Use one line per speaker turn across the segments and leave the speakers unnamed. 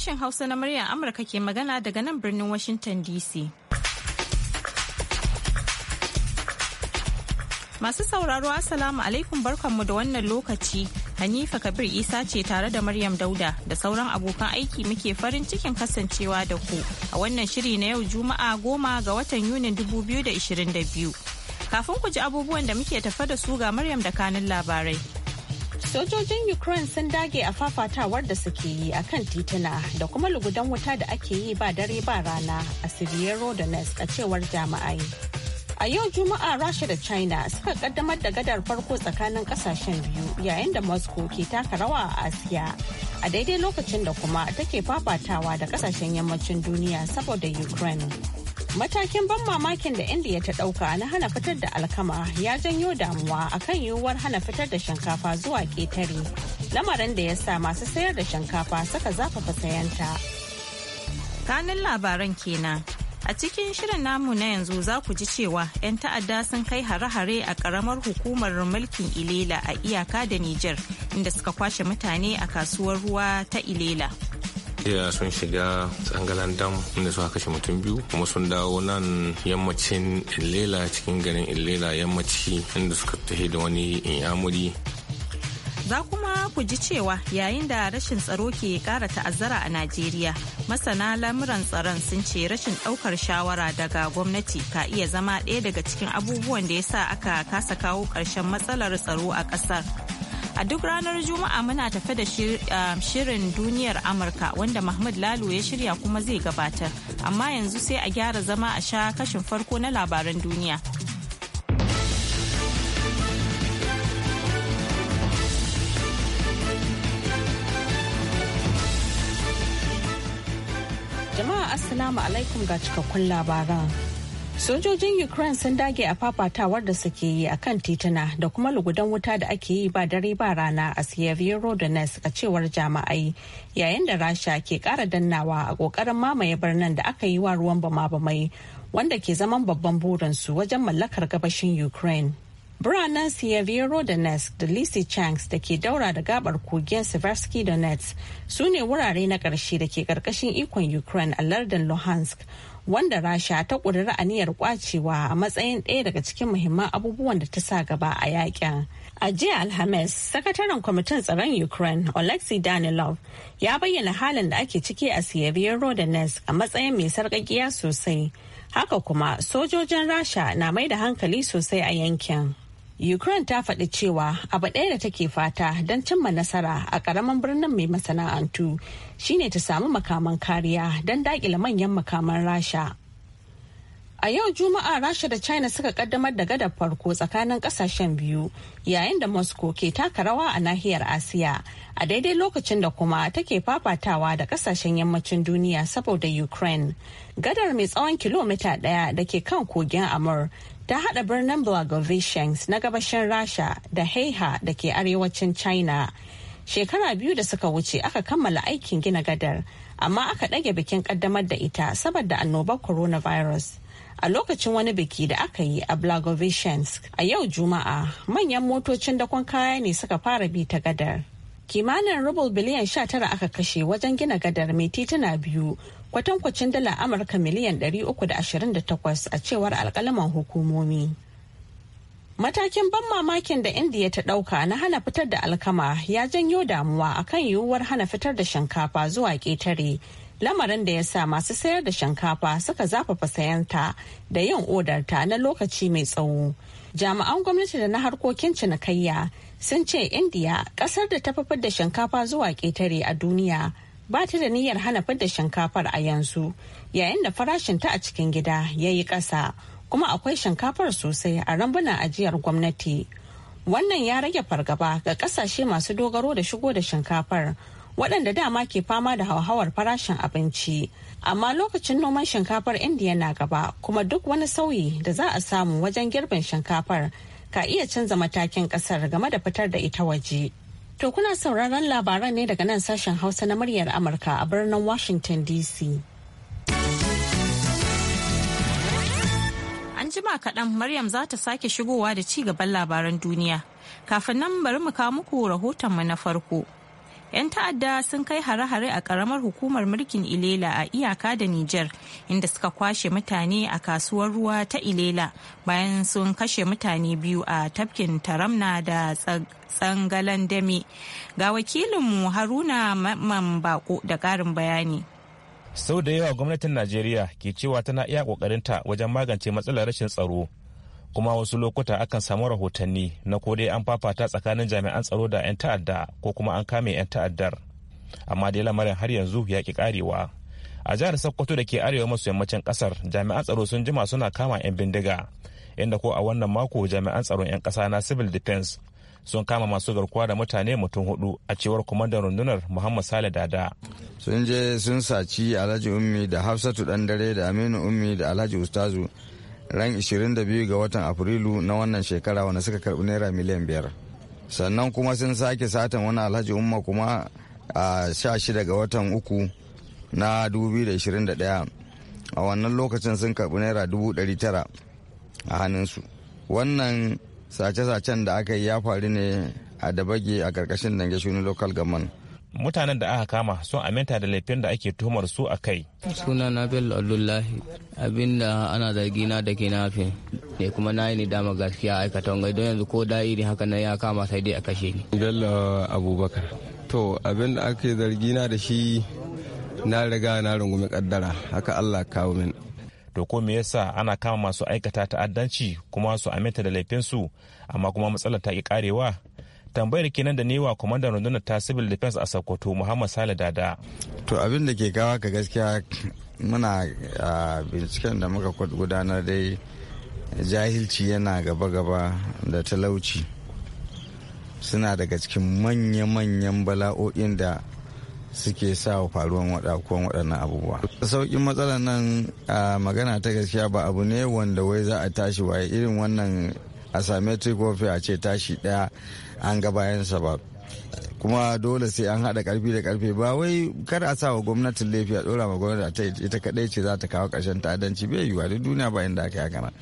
Sashen Hausa na muryar Amurka ke magana daga nan birnin Washington DC. Masu sauraro Assalamu alaikum barkanmu da wannan lokaci. Hanifa Kabir Isa ce tare da Maryam Dauda da sauran abokan aiki muke farin cikin kasancewa da ku a wannan shiri na yau Juma'a goma ga watan Yunin 2022. Kafin ku ji abubuwan da muke tafa da su ga Maryam da kanun labarai. Sojojin Ukraine sun dage a fafatawar da suke yi a kan tituna da kuma lugudan wuta da ake yi ba dare ba rana a Sibiyero Donetsk a cewar jama'ai. A yau Juma'a Rasha da China suka kaddamar da gadar farko tsakanin kasashen biyu yayin da Moscow ke taka rawa a Asiya. A daidai lokacin da kuma take fafatawa da kasashen yammacin duniya saboda Ukraine. Matakin ban mamakin da india ta ɗauka na hana fitar da alkama ya janyo damuwa akan yiwuwar hana fitar da shinkafa zuwa ketare Lamarin da ya sa masu sayar da shinkafa saka zafafa sayanta. Kanin labaran kenan. A cikin shirin namu na yanzu za ku ji cewa 'yan ta'adda sun kai hare-hare a karamar hukumar mulkin Ilela a iyaka da Nijar inda suka kwashe mutane a kasuwar ruwa ta Ilela.
iya sun shiga tsangalan dam inda suka kashe mutum biyu kuma sun dawo nan yammacin illela cikin garin illela yammaci inda suka tafi da wani inyamuri
za kuma ku ji cewa yayin da rashin tsaro ke kara ta'azzara a najeriya masana lamuran tsaron sun ce rashin daukar shawara daga gwamnati ka iya zama ɗaya daga cikin abubuwan da ya sa aka kasa kawo ƙarshen matsalar tsaro a ƙasar A duk ranar Juma'a muna tafe da um, shirin duniyar Amurka wanda Mahmud Lalo ya shirya kuma zai gabatar. Amma yanzu sai a gyara zama a sha kashin farko na labaran duniya. Jama'a Assalamu alaikum ga cikakkun labaran. Sojojin Ukraine sun dage a fafatawar da suke yi a kan tituna da kuma lugudan wuta da ake yi ba dare ba rana a Siyevierodonetsk a cewar jama'ai yayin da Rasha ke kara dannawa a kokarin mamaye birnin da aka yi wa ruwan bama-bamai wanda ke zaman babban burinsu wajen mallakar gabashin Ukraine. Biranen Siyevierodonetsk da Lysychansk da ke daura da gabar kogin severski Donetsk su ne wurare na karshe da ke karkashin ikon Ukraine a lardin Luhansk. wanda rasha ta ƙudiri aniyar kwacewa a matsayin ɗaya daga cikin muhimman abubuwan da ta sa gaba a yakin a jiya alhamis sakataren kwamitin tsaron ukraine alexei danilov ya bayyana halin da ake ciki a sierra rodanes a matsayin mai sarƙaƙiya sosai haka kuma sojojin rasha na mai da hankali sosai a yankin Ukraine ta faɗi cewa abu ɗaya da take fata don cimma nasara a ƙaramin birnin mai masana'antu shine ta samu makaman kariya don daƙile manyan makaman Rasha. A yau Juma'a Rasha da China suka ƙaddamar da gadar farko tsakanin ƙasashen biyu yayin da Moscow ke taka rawa a nahiyar Asiya a daidai lokacin da kuma take fafatawa da ƙasashen yammacin duniya saboda Ukraine. Gadar mai tsawon kilomita ɗaya da ke kan kogin Amur ta hada birnin Blagoveshensk na gabashin Rasha da Heiha da ke arewacin China. Shekara biyu da suka wuce aka kammala aikin gina gadar, amma aka ɗage bikin ƙaddamar da ita saboda annobar coronavirus. a lokacin wani biki da aka yi a Blagoveshensk a yau Juma'a manyan motocin dakon kaya ne suka fara bi ta gadar. kimanin rubul biliyan 19 aka kashe wajen gina gadar mai tituna biyu kwatankwacin dala amurka miliyan 328 a cewar alkalaman hukumomi matakin ban mamakin da indiya ta dauka na hana fitar da alkama ya janyo damuwa akan yiwuwar hana fitar da shinkafa zuwa ketare lamarin da ya sa masu sayar da shinkafa suka zafafa sayanta da yin odarta na lokaci mai tsawo jami'an gwamnati da na harkokin cinikayya sun ce indiya kasar da ta fi da shinkafa zuwa ƙetare a duniya ba ta da niyyar hana fidda shinkafar a yanzu yayin da farashin ta a cikin gida ya yi ƙasa kuma akwai shinkafar sosai a rambunan ajiyar gwamnati wannan ya rage fargaba ga kasashe masu dogaro da shigo da shinkafar waɗanda dama ke fama da hauhawar farashin abinci amma lokacin noman shinkafar indiya na gaba kuma duk wani sauyi da za a samu wajen girbin shinkafar ka iya canza matakin ƙasar game da fitar da ita waje to kuna sauraron labaran ne daga nan sashen hausa na muryar amurka a birnin washington dc an jima kaɗan maryam za ta sake shigowa da ci gaban labaran duniya kafin nan bari mu kawo muku mu na farko 'yan ta'adda sun kai hare-hare a karamar hukumar mulkin ilela a iyaka da niger inda suka kwashe mutane a kasuwar ruwa ta ilela bayan sun kashe mutane biyu a tafkin taramna da tsangalan dame ga wakilinmu haruna mamman bako da karin bayani
sau da yawa gwamnatin najeriya ke cewa tana iya kokarinta wajen magance matsalar rashin tsaro kuma wasu lokuta akan samu rahotanni na ko dai an fafata tsakanin jami'an tsaro da 'yan ta'adda ko kuma an kame 'yan ta'addar amma dai lamarin har yanzu ya ki karewa a jihar sokoto da ke arewa maso yammacin kasar jami'an tsaro sun jima suna kama 'yan bindiga inda ko a wannan mako jami'an tsaron 'yan kasa na civil defense sun kama masu garkuwa da mutane mutum hudu a cewar kwamandan rundunar muhammad sale dada
sun je sun saci alhaji ummi da hafsatu dan dare da aminu ummi da alhaji ustazu ran 22 ga watan afrilu na wannan shekara wanda suka karbi naira miliyan biyar sannan kuma sun sake satan wani alhaji umma kuma a 16 ga watan uku na 2021 a wannan lokacin sun karbi naira 900 a hannunsu wannan sace-sacen da aka yi ya faru ne a dabage a karkashin dange shuni local government
mutanen da aka kama sun aminta da laifin da ake tuhumar su a kai.
suna na bello abdullahi abinda ana
zargi na da kinafe ne kuma na yi ni dama gaskiya aikata wangai don yanzu ko da iri haka na ya kama sai dai a kashe ni.
bello abubakar to abin da ake zargi na da shi
na riga na rungumi kaddara haka allah kawo min. to ko me yasa ana kama masu aikata ta'addanci kuma su aminta da laifin su amma kuma matsalar ta ki karewa tambayar kenan da newa kwamandan rundunar ta civil defense a sokoto muhammad sale dada
to abin da ke gawa ka gaskiya muna binciken da muka gudanar dai jahilci yana gaba-gaba da talauci suna daga cikin manya-manyan bala'o'in da suke sa faruwan wadakuwan waɗannan abubuwa sauƙin matsalar nan magana ta gaskiya ba abu ne wanda wai za a tashi waye irin wannan asymmetric warfare a ce tashi ɗaya an ga bayansa ba kuma dole sai an haɗa karfi da karfe ba wai kada a sawa gwamnatin laifi a dora ma gwamnati ita kadai ce za ta kawo ƙarshen ta'addanci bai yiwuwa duk duniya ba inda aka yi kana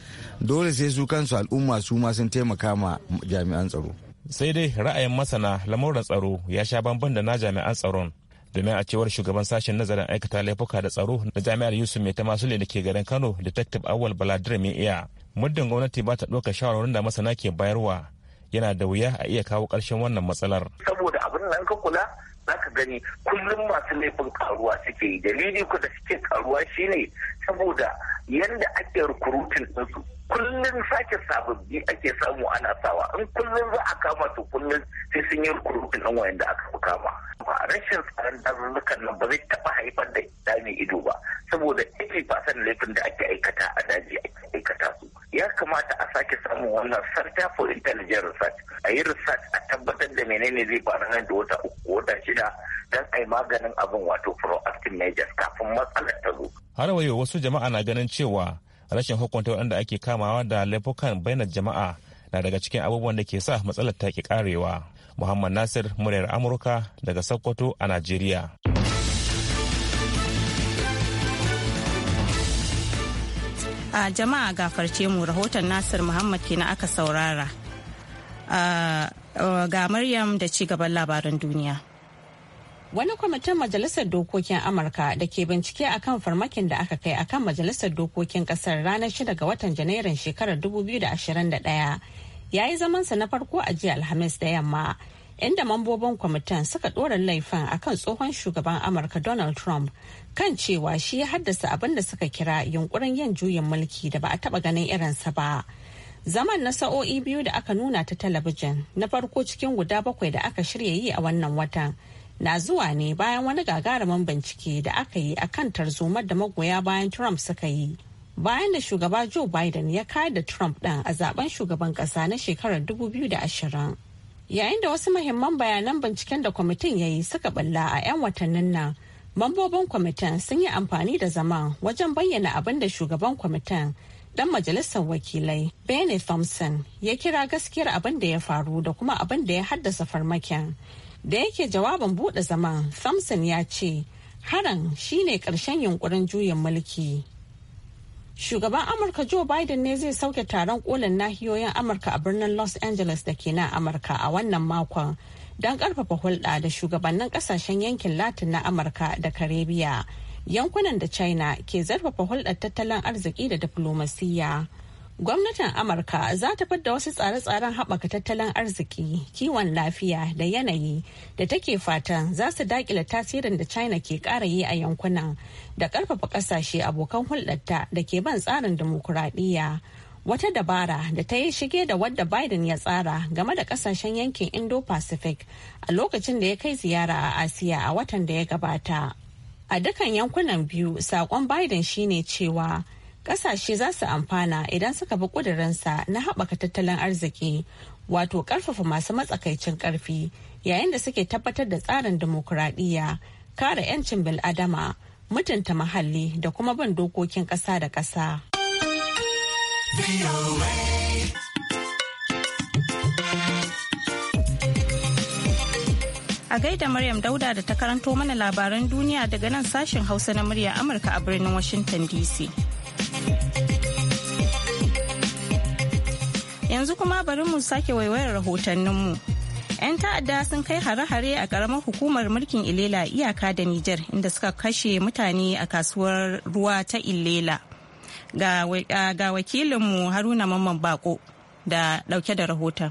dole sai su kansu al'umma su ma sun taimaka ma jami'an tsaro.
sai dai ra'ayin masana lamuran tsaro ya sha bamban da na jami'an tsaron domin a cewar shugaban sashen nazarin aikata laifuka da tsaro na jami'ar yusuf mai tamasule da ke garin kano detective awal baladir mai iya muddin gwamnati ba ta ɗauka shawarwarin da masana ke bayarwa yana da wuya a iya kawo ƙarshen wannan matsalar.
Saboda abin nan ka kula za ka gani kullum masu laifin karuwa suke yi dalili ku da suke karuwa shine saboda yadda ake rukurutun ɗinsu kullum sake sababbi ake samu ana sawa in kullum za a kama su kullum sai sun yi rukurutun ɗan wayan da aka fi kama rashin tsarin dazuzzukan nan ba zai taɓa haifar da dami ido ba saboda ake fasan laifin da ake aikata a daji ake aikata su ya kamata a sake samun wannan sarta for intelligent research a yi research a tabbatar da menene zai faru nan da wata uku wata shida don a yi maganin abin wato
proactive measures kafin
matsalar ta zo har wayo wasu jama'a na ganin cewa rashin hukunta waɗanda ake kamawa da laifukan bainar jama'a na daga cikin abubuwan da ke sa matsalar ta ke karewa muhammad nasir muryar amurka daga sokoto a najeriya
a jama'a farce mu rahoton nasir muhammad kenan aka saurara ga maryam da ci gaban labaran duniya wani kwamitin majalisar dokokin amurka da ke bincike akan farmakin da aka kai akan majalisar dokokin kasar ranar 6 ga watan janairun shekarar 2021 ya yi zamansa na farko a jiya alhamis da yamma inda mambobin kwamitin suka ɗora laifin a kan tsohon shugaban amurka donald trump kan cewa shi ya haddasa abin da suka kira yunkurin yin juyin mulki da ba a taɓa ganin irinsa ba. zaman na sa'o'i biyu da aka nuna ta talabijin na farko cikin guda bakwai da aka shirya yi a wannan watan na zuwa ne bayan wani gagarumin bincike da aka yi akan tarzoma da magoya bayan Trump suka yi. Bayan da shugaba Joe Biden ya kayar da Trump ɗin a zaben shugaban ƙasa na shekarar 2020. Yayin da wasu mahimman bayanan binciken da kwamitin ya yi suka balla a 'yan watannin nan, mambobin kwamitin sun yi amfani da zama wajen bayyana abin da shugaban kwamitin ɗan majalisar wakilai Benny Thompson ya kira gaskiyar abin da ya faru da kuma abin da ya haddasa farmakin. da yake jawabin bude zama samson ya ce haran shine karshen yunkurin juyin mulki shugaban amurka joe biden ne zai sauke taron kolin nahiyoyin amurka a birnin los angeles da ke nan amurka a wannan makon don karfafa hulɗa da shugabannin kasashen yankin latin na amurka da karibiya yankunan da china ke zarfafa hulɗar tattalin arziki da diflomasiyya Gwamnatin Amurka za ta fidda wasu tsare-tsaren haɓaka tattalin arziki, kiwon lafiya da yanayi da take fatan za su daƙila tasirin da China ke ƙara yi a yankunan da ƙarfafa ƙasashe abokan hulɗarta da ke ban tsarin dimokuraɗiyya. Wata dabara da ta yi shige da wadda Biden ya tsara game da ƙasashen yankin Indo-Pacific a lokacin da ya kai ziyara a Asiya a watan da ya gabata. A dukkan yankunan biyu, saƙon Biden shine cewa. kasashe za su amfana idan suka bi ƙudurinsa na haɓaka tattalin arziki wato ƙarfafa masu matsakaicin ƙarfi yayin da suke tabbatar da tsarin dimokuraɗiyya kare 'yancin bil'adama mutunta mahalli da kuma bin dokokin ƙasa da ƙasa. A gaida Maryam Dauda da ta karanto mana labaran duniya daga nan sashen Hausa na murya Amurka a birnin Washington DC. yanzu kuma bari mu sake waiwayar rahotanninmu. 'Yan ta'adda sun kai hare-hare a ƙaramar hukumar mulkin Ilela iyaka da Nijar inda suka kashe mutane a kasuwar ruwa ta Ilela. Ga wakilinmu Haruna Mamman Bako da ɗauke da rahoton.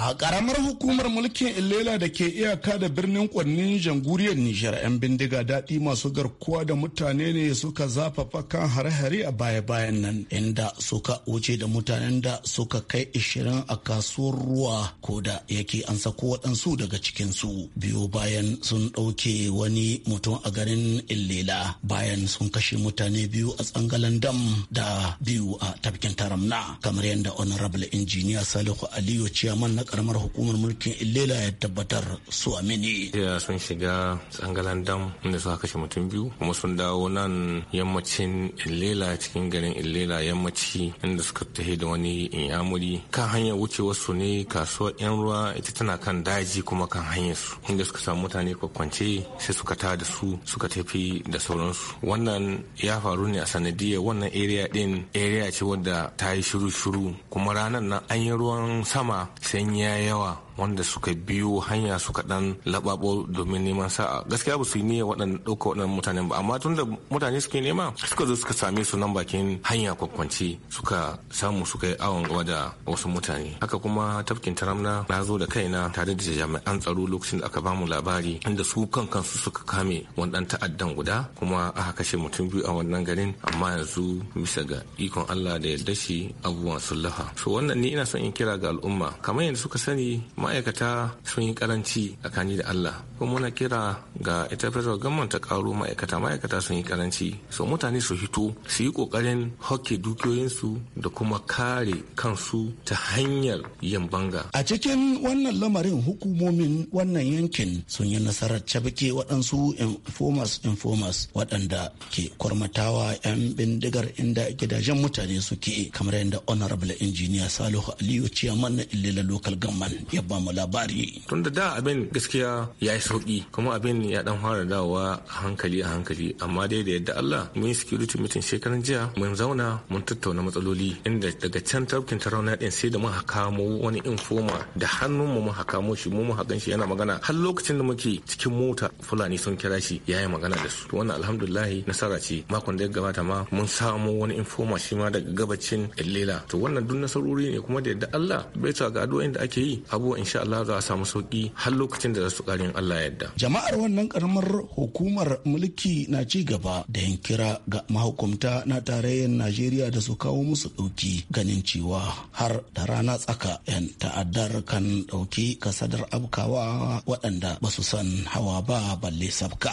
A karamar hukumar mulkin Ilela da ke iyaka da birnin kwannin janguriyar Nijar 'yan bindiga daɗi masu garkuwa da mutane ne suka zafafa kan hare-hare a baya-bayan nan inda suka wuce da mutanen da suka kai 20 a kasuwar ruwa ko da yake an sako waɗansu daga cikinsu biyu bayan sun ɗauke wani mutum a garin Ilela bayan sun kashe mutane biyu a tsangalan dam da biyu a tafkin taramna kamar yadda honorable injiniya Salihu Aliyu Ciyaman na karamar hukumar mulkin illela ya tabbatar
su amini sun shiga tsangalan dam inda suka kashe mutum biyu kuma sun dawo nan yammacin illela cikin garin illela yammaci inda suka tahi da wani inyamuri kan hanyar wucewar su ne kasuwar yan ruwa ita tana kan daji kuma kan hanyar su inda suka samu mutane kwakwance sai suka ta da su suka tafi da sauransu wannan ya faru ne a sanadiyar wannan area din area ce wadda ta yi shiru-shiru kuma ranar nan an yi ruwan sama sanyi ya yawa wanda suka biyo hanya suka dan lababo domin neman sa'a gaskiya ba su yi niyyar waɗanda ɗauka waɗannan mutanen ba amma tun da mutane suke nema suka zo suka same su nan bakin hanya kwakwanci suka samu suka yi awon gaba da wasu mutane haka kuma tafkin taramna na zo da kaina tare da jami'an tsaro lokacin da aka bamu labari inda su kan kansu suka kame wani dan ta'addan guda kuma aka kashe mutum biyu a wannan garin amma yanzu bisa ga ikon Allah da yarda shi abubuwan sullaha so wannan ni ina son in kira ga al'umma kamar yadda suka sani ma ma'aikata sun yi karanci tsakani da Allah ko muna kira ga ita federal government ta karo ma'aikata ma'aikata sun yi karanci so mutane su hito su yi kokarin hokke dukiyoyinsu da kuma kare kansu ta hanyar yin banga a cikin
wannan lamarin hukumomin wannan yankin sun yi nasarar cabike waɗansu informers informers waɗanda ke kwarmatawa 'yan bindigar inda gidajen mutane suke kamar yadda honorable engineer salihu aliyu ciyaman na illila local government ya mu labari.
Tun da da abin gaskiya ya yi sauki kuma abin ya dan fara dawowa a hankali a hankali amma dai da yadda Allah mun security meeting shekaran jiya mun zauna mun tattauna matsaloli inda daga can tafkin tarauna din sai da mun mu wani infoma da hannun mu mun mu shi mu mun shi yana magana har lokacin da muke cikin mota fulani sun kira shi ya yi magana da su wannan alhamdulillah nasara ce makon da ya gabata ma mun samu wani infoma shi ma daga gabacin Ellela. to wannan duk nasarori ne kuma da yadda Allah bai ta ga addu'o'in da ake yi abubuwan insha Allah za a samu sauki har lokacin da za su karin Allah yadda.
Jama'ar wannan karamar hukumar mulki na ci gaba da yin kira ga mahukumta na tarayyar Najeriya da su kawo musu ɗauki ganin cewa har da rana tsaka 'yan ta'addar kan ɗauki kasadar abkawa waɗanda ba su san hawa ba balle sabka.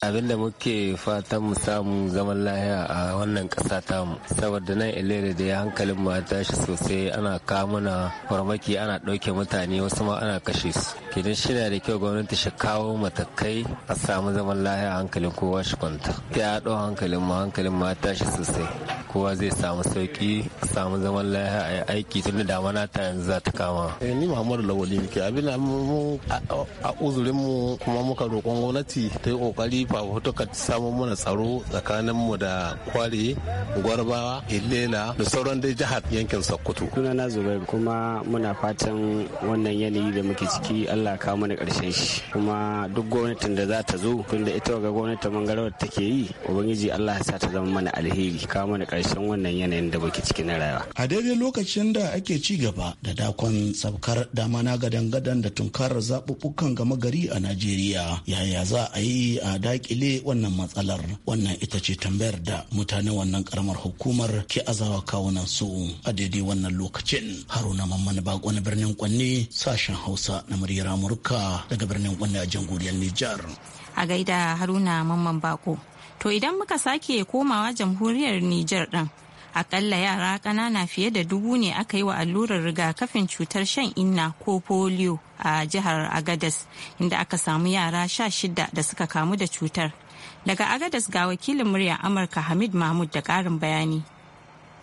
abinda muke fatan mu samu zaman lahiya a wannan ta mu. saboda nan ilere da ya hankalin mu tashi sosai ana kawo mana farmaki ana ɗauke mutane wasu ma ana kashe su kidan shi da kyau gwamnati shi kawo matakai a samu zaman lahiya hankalin kowa shi kwanta ya ɗau hankalin mu hankalin mu tashi sosai kowa zai samu sauki a samu zaman lahiya a yi aiki tun da damana ta yanzu za ta kama. Eh, ni muhammadu lawali
ne ke abin da mu a uzurin mu kuma muka roƙon gwamnati ta yi ƙoƙari nefa duka samun mana tsaro tsakanin mu da kwari gwarba, illela
da sauran dai jihar yankin sokoto Kuna na zubair kuma muna fatan wannan yanayi da muke ciki allah kawo mana karshen shi kuma duk gwamnatin da za ta zo tunda ita ga gwamnatin mangarawar take yi ubangiji allah ya sa ta zama mana alheri kawo mana karshen wannan yanayin da muke ciki na rayuwa
a daidai lokacin da ake ci gaba da dakon sabkar damana gadan-gadan da tunkarar zaɓuɓɓukan gama gari a najeriya yaya za a yi a dakile wannan matsalar wannan ita ce tambayar da mutane wannan karamar hukumar ke azawa nan su a daidai wannan lokacin haruna mamman bako na birnin kwanne sashen hausa na muryar amurka daga birnin kwanne a jamhuriyar nijar
a gaida haruna mamman bako to idan muka sake komawa jamhuriyar nijar din akalla yara ƙanana fiye da dubu ne aka yi wa allurar rigakafin cutar shan inna ko polio a jihar agadas inda aka samu yara sha shida da suka kamu da cutar daga agadas ga wakilin murya amurka hamid mahmud da karin bayani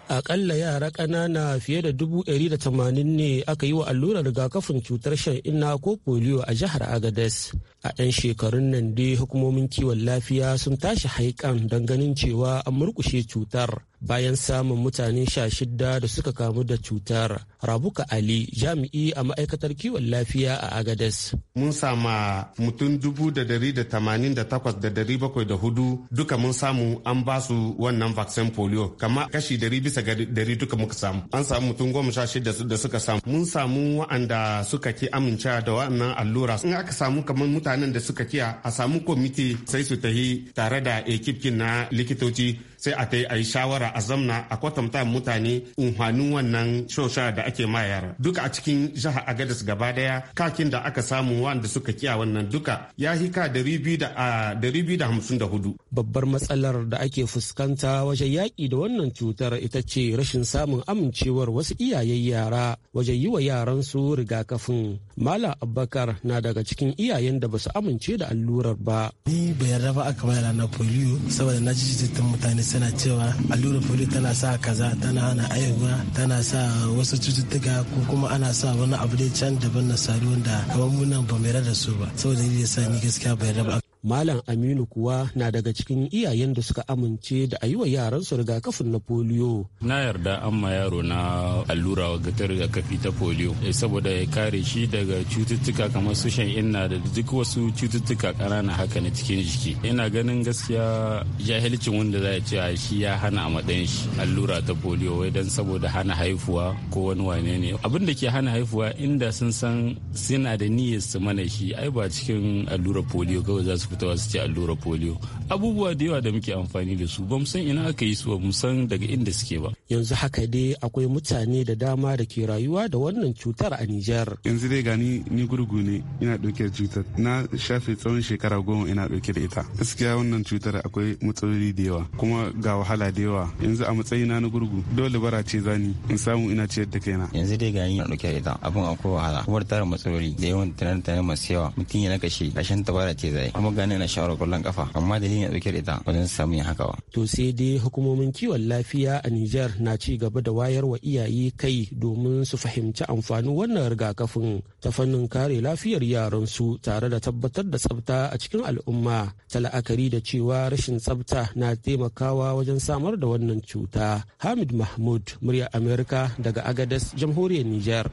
akalla yara ƙanana fiye da dubu ɗari da tamanin ne aka yi wa allurar rigakafin cutar shan inna ko polio a jihar agadas a 'yan shekarun nan dai hukumomin kiwon lafiya sun tashi haikan don ganin cewa an murkushe cutar bayan samun mutane sha shida da suka kamu da cutar rabuka ali jami'i a ma'aikatar kiwon lafiya a agades
mun sama mutum dubu da dari da tamanin da takwas da dari bakwai da hudu duka mun samu an ba su wannan vaccine polio kama kashi dari bisa dari duka muka samu an samu mutum goma sha shida da suka samu mun samu wa'anda suka ki amince da wa'annan allura in aka samu kamar mutanen da suka kiya a samu komiti sai su tahi tare da ekipkin na likitoci sai a ta yi shawara a zamna a kwatanta mutane unhanin wannan shosha da ake mayar duka a cikin jihar agadis gaba daya kakin da aka samu wanda suka kiya wannan duka ya ka dari biyu da
hamsin da hudu babbar matsalar da ake fuskanta wajen yaƙi da wannan cutar ita ce rashin samun amincewar wasu iyayen yara wajen yi wa yaran su rigakafin malam abubakar na daga cikin iyayen da ba su amince da allurar ba
ni bai raba aka bayar na polio saboda na ji mutane suna cewa allurar foliyo tana sa kaza tana hana aihuwa tana sa wasu cututtuka ko kuma ana sa wani abu da can daban na saduwan da kamar munan ba mai da su ba saboda yasa ni gaskiya bai raba Malam Aminu kuwa
na daga cikin iyayen da suka amince da a yi wa yaransu rigakafin na polio.
Na
yarda an ma yaro na allura ta rigakafi ta polio eh, saboda ya kare shi daga cututtuka kamar su shan inna da duk wasu cututtuka ƙanana haka na cikin jiki. Ina ganin gaskiya jahilcin wanda za a ce shi ya hana a matsayin shi allura ta polio wai dan saboda hana haifuwa ko wani wane ne. Abin da ke hana haifuwa inda sun san suna da niyyar su mana shi ai ba cikin allura polio kawai za su masu fitowa su ce allura polio abubuwa da yawa da muke amfani da su ba san ina aka yi su ba san daga inda suke ba
yanzu haka dai akwai mutane da dama da ke rayuwa da wannan cutar a Nijar.
Yanzu dai gani ni gurgu ne ina ɗauke da cutar na shafe tsawon shekara goma ina ɗauke da ita. Gaskiya wannan cutar akwai matsaloli da yawa kuma ga wahala da yawa yanzu a matsayina na gurgu dole
bara ce zani in samu ina ciyar da kaina. Yanzu dai gani ina ɗauke da ita abin akwai wahala kuma tara matsaloli da yawan tunanin tunanin masu yawa mutum ya nakashe kashin bara ce zai kuma gani na shawara kullum kafa amma dalilin ya ɗauke da ita wajen samun yin haka.
To sai dai hukumomin kiwon lafiya a Nijar na ci gaba da wayar wa iyaye kai domin su fahimci amfanin wannan rigakafin ta fannin kare lafiyar yaransu tare da tabbatar da tsabta a cikin al'umma ta la'akari da cewa rashin tsabta na taimakawa wajen samar da wannan cuta hamid mahmud murya amerika daga agadas jamhuriyar niger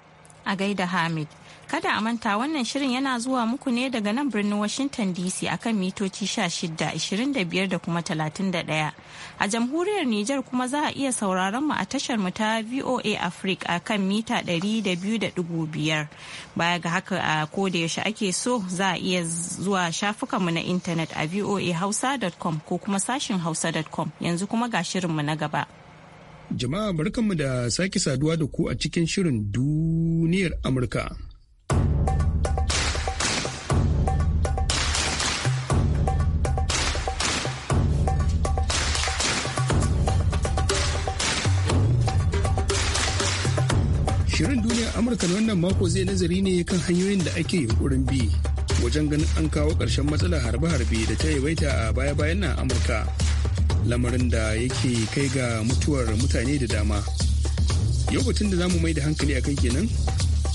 a gaida Hamid. Kada a manta wannan shirin yana zuwa muku ne daga nan birnin Washington DC akan mitoci 16, 25 da kuma 31. A jamhuriyar Nijar kuma za a iya sauraron mu a tashar mu ta VOA Africa kan mita 200.5. Baya ga haka a koda yaushe ake so za a iya zuwa mu na intanet a voa voahausa.com ko kuma sashin hausa.com yanzu kuma ga shirin mu na gaba.
Jama'a barkanmu da sake saduwa da ku a cikin shirin duniyar Amurka. Shirin duniyar Amurka na wannan mako zai nazari ne kan hanyoyin da ake yunkurin bi wajen ganin an kawo ƙarshen matsalar harbe-harbe da ta yawaita a baya-bayan nan Amurka. lamarin da yake kai ga mutuwar mutane da dama yau batun da zamu mai da hankali a kai kenan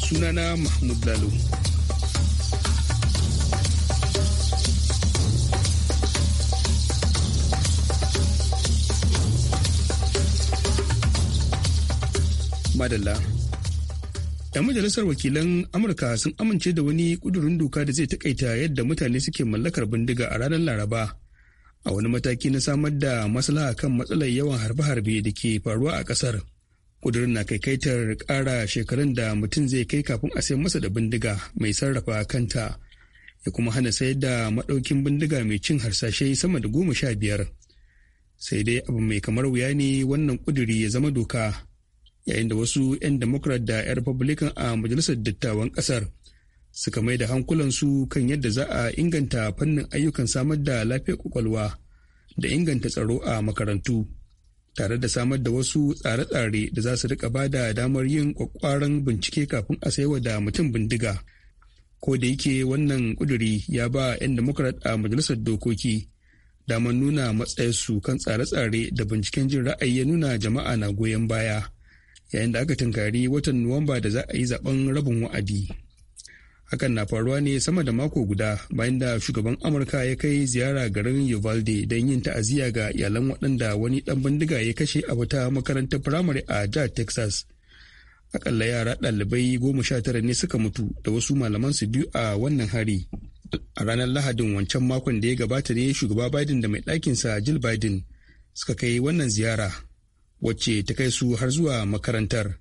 sunana mahmud lalo madalla yan majalisar wakilan amurka sun amince da wani ƙudurin doka da zai takaita yadda mutane suke mallakar bindiga a ranar laraba a wani mataki na samar da maslaha kan matsalar yawan harbe-harbe da ke faruwa a ƙasar ƙudurin na kaikaitar ƙara shekarun da mutum zai kai kafin a sayar masa da bindiga mai sarrafa kanta ya kuma hana sayar da maɗaukin bindiga mai cin harsashe sama da goma sha biyar sai dai abu mai kamar wuya ne wannan ƙuduri ya zama doka yayin da wasu 'yan democrat da 'yan republican a majalisar dattawan ƙasar suka mai da hankulansu kan yadda za a inganta fannin ayyukan samar da lafiyar kwakwalwa da inganta tsaro a makarantu tare da samar da wasu tsare-tsare da za su rika ba da damar yin kwakwaran bincike kafin a saiwa da mutum bindiga ko da yake wannan kuduri ya ba 'yan democrat a majalisar dokoki damar nuna matsayarsu kan tsare-tsare da binciken jin ra'ayi ya nuna jama'a na goyon baya yayin da aka tunkari watan nuwamba da za a yi zaben rabin wa'adi. hakan na faruwa ne sama da mako guda bayan da shugaban amurka ya kai ziyara garin uvalde don yin ta'aziyya ga iyalan waɗanda wani ɗan bindiga ya kashe a wata makarantar firamare a jihar texas akalla yara ɗalibai goma sha tara ne suka mutu da wasu malaman su biyu a wannan hari a ranar lahadin wancan makon da ya gabata ne shugaba biden da mai ɗakinsa jill biden suka kai wannan ziyara wacce ta kai su har zuwa makarantar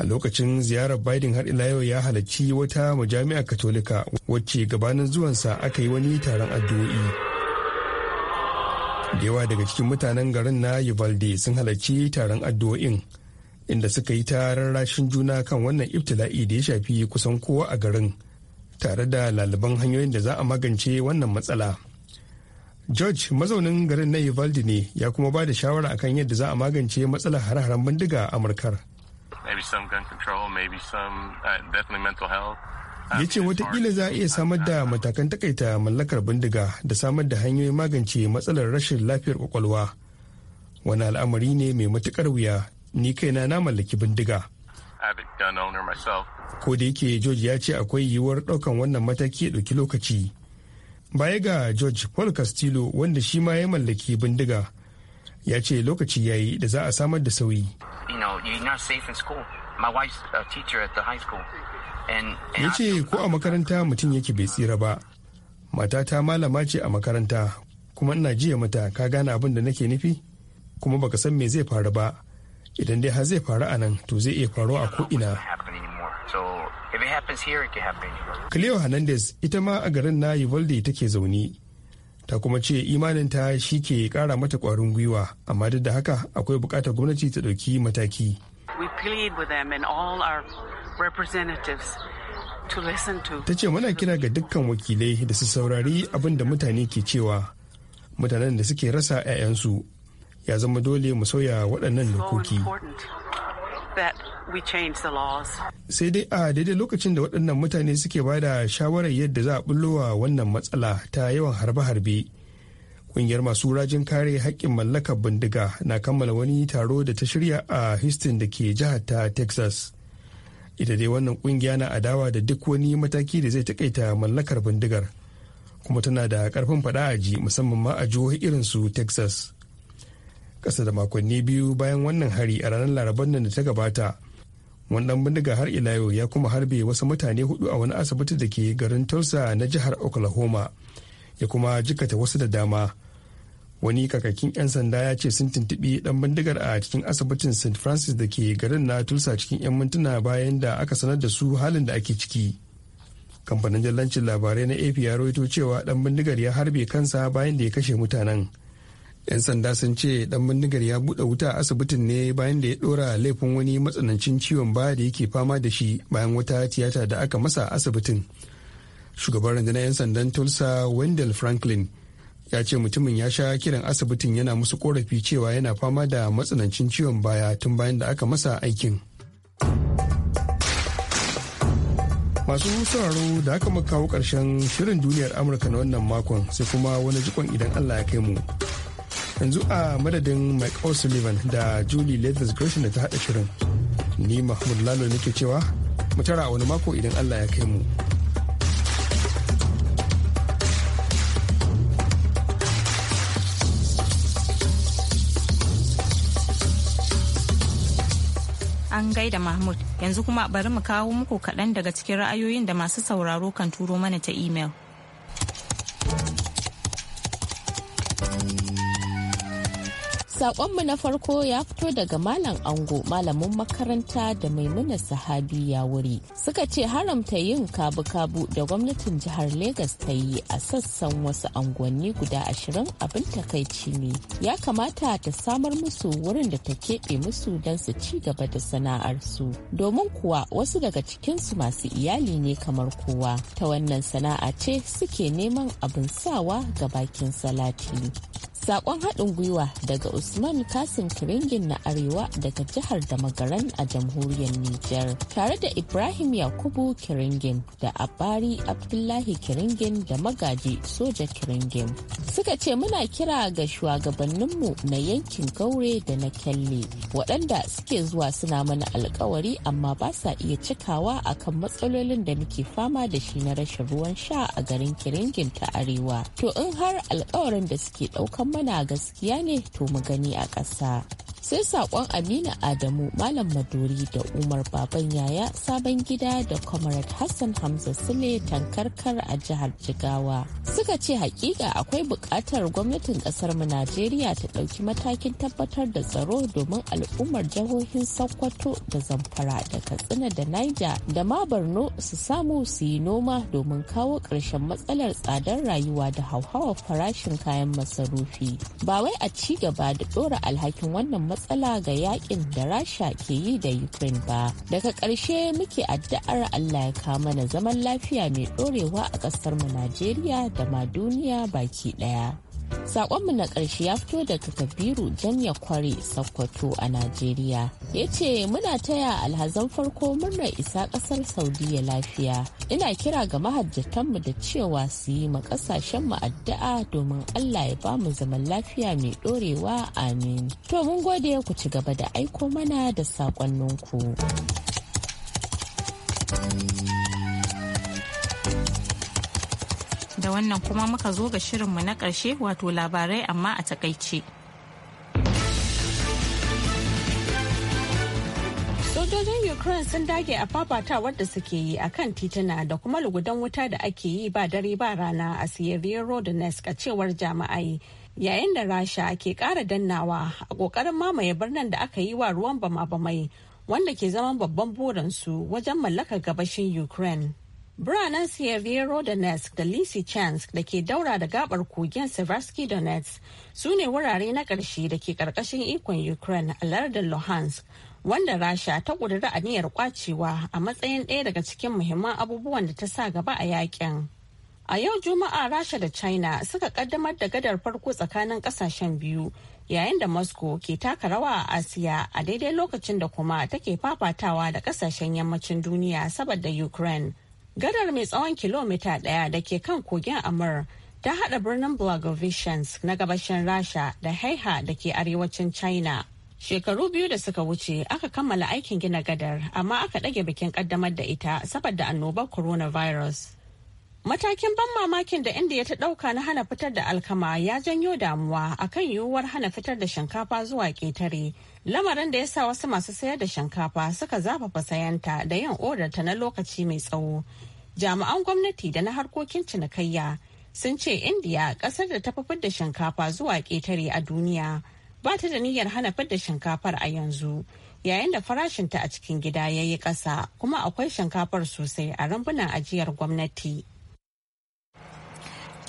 a lokacin ziyarar biden har ila yau ya halarci wata majami'a katolika wacce gabanin zuwansa aka yi wani taron addu'o'i da yawa daga cikin mutanen garin na uvalde sun halarci taron addu'o'in inda suka yi ta rarrashin juna kan wannan ibtila'i da ya shafi kusan kowa a garin tare da laliban hanyoyin da za a magance wannan matsala george mazaunin garin na uvalde ne ya kuma ba da shawara akan yadda za a magance matsalar hare-haren bindiga a amurkar
maybe some gun control, maybe some uh, definitely mental health.
Uh, ya ce watakila za a iya samar da matakan takaita mallakar bindiga da samar da hanyoyin magance matsalar rashin lafiyar kwakwalwa wani al'amari ne mai matukar wuya ni kaina na mallaki bindiga ko da yake george ya ce akwai yiwuwar ɗaukan wannan mataki ya ɗauki lokaci baya ga george paul castillo wanda shi ma ya mallaki bindiga ya ce lokaci ya yi da za a samar da sauyi. Ya ce ko a makaranta mutum yake bai tsira ba. Matata malama ce a makaranta kuma ina jiya mata ka gane abin da nake nufi kuma baka san me zai faru ba idan dai har zai faru a nan to zai iya faru a ko'ina. Cleo Hernandez ita ma a garin na Uvalde take zaune ta kuma ce imaninta shi ke kara mata kwarin gwiwa amma duk da haka akwai bukatar gwamnati ta ɗauki mataki ta ce muna kira ga dukkan wakilai da su saurari abin da mutane ke cewa mutanen da suke rasa 'ya'yansu ya zama dole mu sauya waɗannan dokoki Sai dai a daidai lokacin da waɗannan mutane suke ba da shawarar yadda za a bullowa wannan matsala ta yawan harbe-harbe. Ƙungiyar masu rajin kare haƙƙin mallakar bindiga na kammala wani taro da ta shirya a Houston da ke jihar ta Texas. Ita dai wannan ƙungiya na adawa da duk wani mataki da zai taƙaita mallakar bindigar. Kuma tana da ƙarfin faɗa a ji musamman ma a jihohi irin su Texas. Ƙasa da makonni biyu bayan wannan hari a ranar laraban nan da ta gabata. wannan bindiga har ila yau ya kuma harbe wasu mutane hudu a wani asibiti da ke garin tulsa na jihar oklahoma ya kuma jikata wasu da dama wani kakakin 'yan sanda ya ce sun tuntubi dan bindigar a cikin asibitin st francis da ke garin na tulsa cikin 'yan mintuna bayan da aka sanar da su halin da ake ciki kamfanin jallancin labarai na ap ya rawaito cewa dan bindigar ya harbe kansa bayan da ya kashe mutanen 'yan sanda sun ce dan bindigar ya buɗe wuta a asibitin ne bayan da ya ɗora laifin wani matsanancin ciwon baya da yake fama da shi bayan wata tiyata da aka masa asibitin shugaban rundunar 'yan sandan tulsa wendell franklin ya ce mutumin ya sha kiran asibitin yana musu korafi cewa yana fama da matsanancin ciwon baya tun bayan da aka masa aikin masu sauraro da aka kawo karshen shirin duniyar amurka na wannan makon sai kuma wani jikon idan allah ya kai mu yanzu a madadin mike o'sullivan da julie lathis gershon da ta haɗa shirin ni mahmud lalo nake cewa mu tara wani mako idan allah ya kai mu
an gaida mahmud yanzu kuma bari mu kawo muku kaɗan daga cikin ra'ayoyin da masu
sauraro kan turo mana ta imel. Sakonmu na farko ya fito daga Malam Ango, malamin makaranta da maimuna sahabi ya wuri. Suka ce haramta yin kabu-kabu da gwamnatin jihar Legas ta yi a sassan wasu anguwanni guda ashirin abin takaici ne. Ya kamata ta samar musu wurin da ta keɓe musu don su ci gaba da sana'arsu. Domin kuwa wasu daga cikinsu masu iyali ne kamar kowa. Ta wannan sana'a ce suke neman abin sawa ga bakin salati. saƙon haɗin gwiwa daga Usman Kasim Kiringin na Arewa daga jihar Damagaran a jamhuriyar Nijar tare da Ibrahim Yakubu Kiringin da Abari Abdullahi Kiringin da Magaji Soja Kiringin. Suka ce muna kira ga shugabanninmu na yankin Gaure da na Kyalle waɗanda suke zuwa suna mana alkawari amma ba sa iya cikawa akan matsalolin da muke fama da shi na rashin ruwan sha a garin Kiringin ta Arewa. To in har alkawarin da suke ɗaukan mana gaskiya ne to mu gani gani a ƙasa. sai sakon amina adamu malam maduri da umar baban yaya sabon gida da comrade hassan hamza sule tankarkar a jihar jigawa suka ce hakika akwai buƙatar gwamnatin ƙasar mu najeriya ta ɗauki matakin tabbatar da tsaro domin al'ummar jihohin sokoto da zamfara da katsina da niger da ma borno su samu su yi noma domin kawo ƙarshen matsalar tsadar rayuwa da hauhawar farashin kayan masarufi ba wai a ci gaba da ɗora alhakin wannan matsala ga yakin da rasha ke yi da ukraine ba daga ƙarshe muke addu'ar allah ya kama mana zaman lafiya mai ɗorewa a ƙasarmu najeriya da ma duniya baki ɗaya Sakonmu na ƙarshe ya fito daga Kabiru Janya kwari Sokoto a Najeriya. Ya ce muna taya alhazan farko murnar isa ƙasar Saudiya lafiya. Ina kira ga mahajjatanmu da cewa su yi ma ƙasashenmu addu'a domin Allah ya bamu zaman lafiya mai ɗorewa amin. To mun gode ku ci gaba da aiko mana da sakonninku.
da wannan kuma muka zo ga shirinmu na ƙarshe wato labarai amma a takaice. Sojojin Ukraine sun dage a fafatawar da suke yi a kan tituna da kuma lugudan wuta da ake yi ba dare ba rana a Sierra Donetsk a cewar jama'ai. Yayin da Rasha ke kara dannawa a kokarin mamaye birnin da aka yi wa ruwan bama-bamai wanda ke zama babban burinsu wajen mallakar gabashin Ukraine. Biranen Sierra Donetsk da Chansk da ke daura da gabar kogin Seversky Donetsk su ne wurare na ƙarshe da ke ƙarƙashin ikon Ukraine a lardin Luhansk, wanda Rasha ta a aniyar kwacewa a matsayin ɗaya daga cikin muhimman abubuwan da ta sa gaba a yakin. A yau Juma'a Rasha da China suka kaddamar da gadar farko tsakanin ƙasashen biyu yayin da Moscow ke taka rawa a Asiya a daidai lokacin da kuma take fafatawa da ƙasashen yammacin duniya saboda Ukraine. Gadar mai tsawon kilomita ɗaya da ke kan kogin Amur ta haɗa birnin Blagoveshchensk na gabashin Rasha da Haiha da ke arewacin China. Shekaru biyu da suka wuce aka kammala aikin gina gadar amma aka ɗage bikin ƙaddamar da ita saboda annobar coronavirus. Matakin ban mamakin da India ta ɗauka na hana fitar da alkama ya janyo damuwa akan yiwuwar hana fitar da shinkafa zuwa ƙetare lamarin da ya sa wasu masu sayar da shinkafa suka zafafa sayanta da yin ta na lokaci mai tsawo jami'an gwamnati da na harkokin cinikayya sun ce indiya kasar da ta fi da shinkafa zuwa ƙetare a duniya ba ta da niyyar hana fidda shinkafar a yanzu yayin da farashinta a cikin gida ya yi ƙasa kuma akwai shinkafar sosai a rambunan ajiyar gwamnati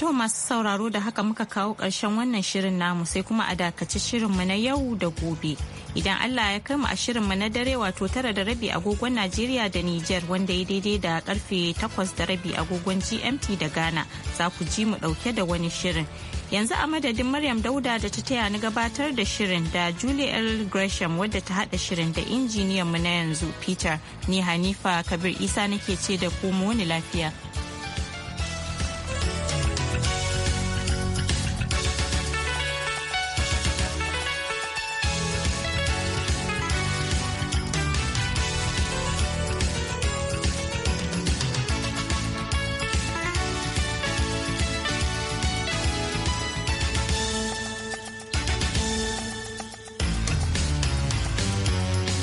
To masu sauraro da haka muka kawo ƙarshen wannan shirin namu sai kuma a dakaci shirinmu na yau da gobe. Idan Allah ya kai mu a shirinmu na dare wato tara da rabi agogon Najeriya da Nijar wanda ya daidai da karfe takwas da rabi agogon GMT da Ghana za ku ji mu ɗauke da wani shirin. Yanzu a madadin Maryam Dauda da ta taya ni gabatar da shirin da Julia L. Gresham wadda ta haɗa shirin da injiniyan mu na yanzu Peter ni Hanifa Kabir Isa nake ce da ku mu wani lafiya.